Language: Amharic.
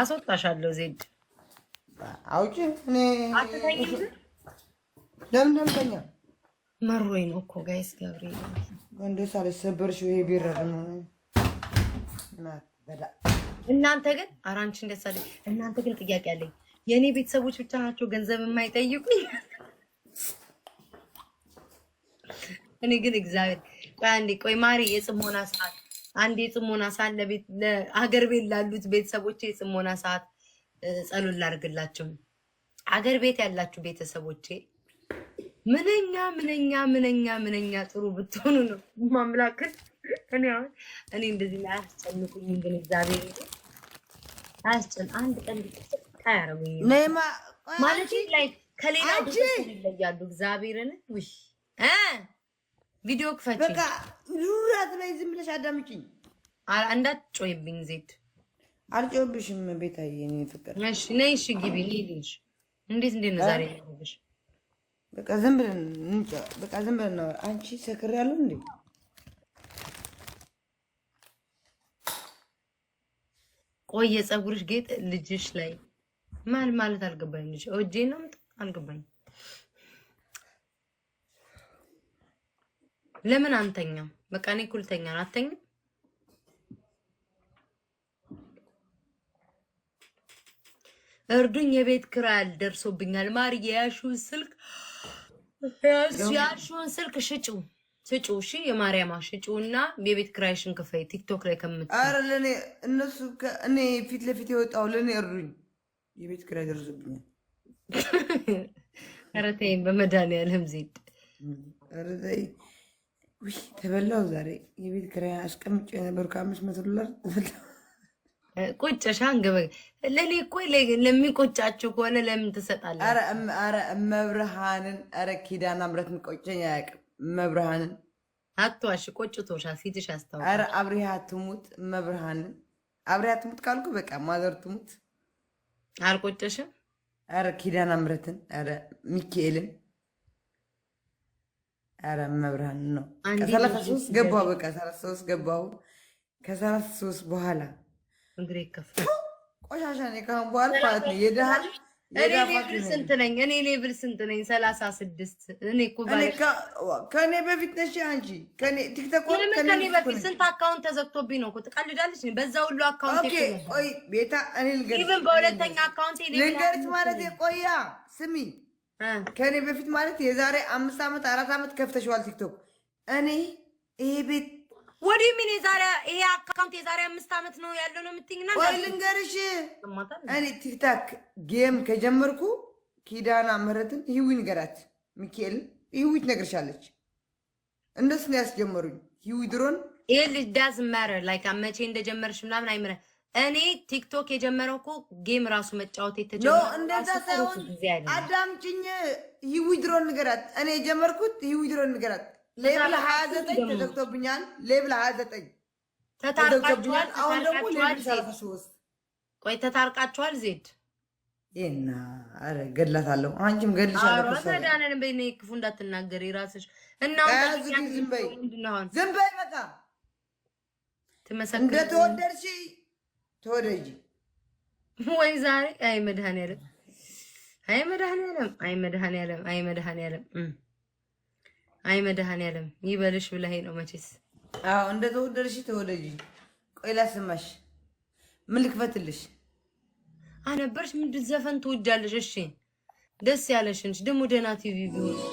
አስወጣሻለሁ። ዜድ አውጪ። እኔ ለምን ደምተኛ መሮኝ ነው እኮ ጋይስ። ገብርኤል እንዴት ሳልሰበርሽው ይሄ ቢረር ነው እናንተ ግን አራንች እንደሳለ እናንተ ግን ጥያቄ አለኝ። የእኔ ቤተሰቦች ብቻ ናቸው ገንዘብ የማይጠይቁ። እኔ ግን እግዚአብሔር ቆይ አንዴ ቆይ ማሪ የጽሞና ሰዓት አንድ የጽሞና ሰዓት ለቤት ለሀገር ቤት ላሉት ቤተሰቦቼ የጽሞና ሰዓት ጸሎት ላድርግላቸው። አገር ቤት ያላችሁ ቤተሰቦቼ ምንኛ ምንኛ ምንኛ ምንኛ ጥሩ ብትሆኑ ነው ማምላክን እኔ አሁን እኔ እንደዚህ ላይ አያስጨንቁኝ። ግን እግዚአብሔር አያስጨን አንድ ቀን ታያረጉኝ ማለት ላይ ከሌላ ይለያሉ እግዚአብሔርን ውይ ቪዲዮ ክፈች። በቃ ሉላት ላይ ዝም ብለሽ አዳምጪኝ። እንዳትጮይብኝ ዜድ። አልጮብሽም ቤታዬ፣ እኔ ፍቅር። እሺ ነይ፣ እሺ ግቢ። ሄድሽ እንዴት እንዴት ነው ዛሬ? በቃ ዝም ብለን እንጫ። በቃ ዝም ብለን ነው። አንቺ ሰክር ያለው እንዴ? ቆየ ጸጉርሽ ጌጥ ልጅሽ ላይ ማል ማለት አልገባኝ። ልጅ ኦጄ ነው አልገባኝ ለምን አንተኛም? በቃ እኔ እኮ ልተኛ ነው። አተኝም እርዱኝ፣ የቤት ኪራይ ደርሶብኛል። ማር የያሹን ስልክ ያሹን ስልክ ሽጪው ስጩ እሺ፣ የማርያማ ሽጩ እና የቤት ኪራይሽን ክፈይ። ቲክቶክ ላይ ከምት አረ ለኔ እነሱ እኔ ፊት ለፊት የወጣው ለኔ እርዱኝ፣ የቤት ኪራይ ደርሶብኛል። ኧረ ተይኝ በመድኃኒዓለም ዜድ ውይ ተበላው። ዛሬ የቤት ኪራይ አስቀምጬ የነበሩ ከአምስት መቶ ዶላር ቁጭሻ ንገበ ለእኔ እኮ ለሚቆጫችሁ ከሆነ ለምን ትሰጣለ? አረ መብርሃንን አረ ኪዳነ ምሕረት ቆጨኝ አያውቅም። መብርሃንን አትዋሽ፣ ቆጭቶሻ ፊትሽ አስታውቃል። አረ አብሪሃ ትሙት፣ መብርሃንን አብሪሃ ትሙት ካልኩ በቃ ማዘር ትሙት። አልቆጨሽም? አረ ኪዳነ ምሕረትን አረ ሚካኤልን ኧረ መብርሃን ነው። ከሰላሳ ሶስት በቃ ሰላሳ ሶስት ገባሁ። ከሰላሳ ሶስት በኋላ ቆሻሻ ነኝ ካሁን በኋላ ማለት ነው። የድሃል እኔ ብር ስንት ነኝ? እኔ ሌብል ስንት ነኝ? ሰላሳ ስድስት እኔ እኮ ከእኔ በፊት ነሽ አንቺ። ቲክቶክ አካውንት ተዘግቶብኝ ነው። ትቀልዳለች። ከእኔ በፊት ማለት የዛሬ አምስት ዓመት አራት ዓመት ከፍተሽዋል ቲክቶክ። እኔ ይሄ ቤት ወዲህ ምን የዛሬ ይሄ አካውንት የዛሬ አምስት ዓመት ነው ያለው ነው የምትይኝ? ቆይ ልንገርሽ፣ እኔ ቲክታክ ጌም ከጀመርኩ ኪዳና ምህረትን ይህዊ ንገራት ሚካኤል ይህዊ ትነግርሻለች። እንደሱ ነው ያስጀመሩኝ። ይህዊ ድሮን ይሄ ልጅ ዳዝ ማተር ላይክ መቼ እንደጀመርሽ ምናምን አይምረ እኔ ቲክቶክ የጀመረው እኮ ጌም ራሱ መጫወት የተጀመረው እንደዛ ሳይሆን፣ አዳምጪኝ። ይዊድሮን ንገራት። እኔ የጀመርኩት ይዊድሮን ንገራት። ሌብል ሀያ ዘጠኝ ተዘግቶብኛል። ሌብል ሀያ ዘጠኝ ተዘግቶብኛል። አሁን ደግሞ ሌብል ሰላሳ ሶስት ቆይ ተታርቃችኋል? ዜድ ይና አረ ገድላታለሁ። አንቺም ገድልሻለሁ። መድኃኒዓለም በይ ነይ፣ ክፉ እንዳትናገር ራስሽ እና ዝም በይ፣ ዝም በይ በቃ ትመሰክር እንደተወደድሽ ተወደጂ ወይ ዛሬ አይ መድኃኔዓለም አይ መድኃኔዓለም አይ መድኃኔዓለም አይ መድኃኔዓለም አይ መድኃኔዓለም ይበልሽ ብለህ ነው መቼስ። አዎ እንደ ተወደድሽ ተወደጂ። ቆይ ላስማሽ። ምን ልክፈትልሽ? አነበርሽ ምንድን ዘፈን ትወጃለሽ? እሺ ደስ ያለሽ እንጂ ደግሞ ደህና ቲቪ ቢሆን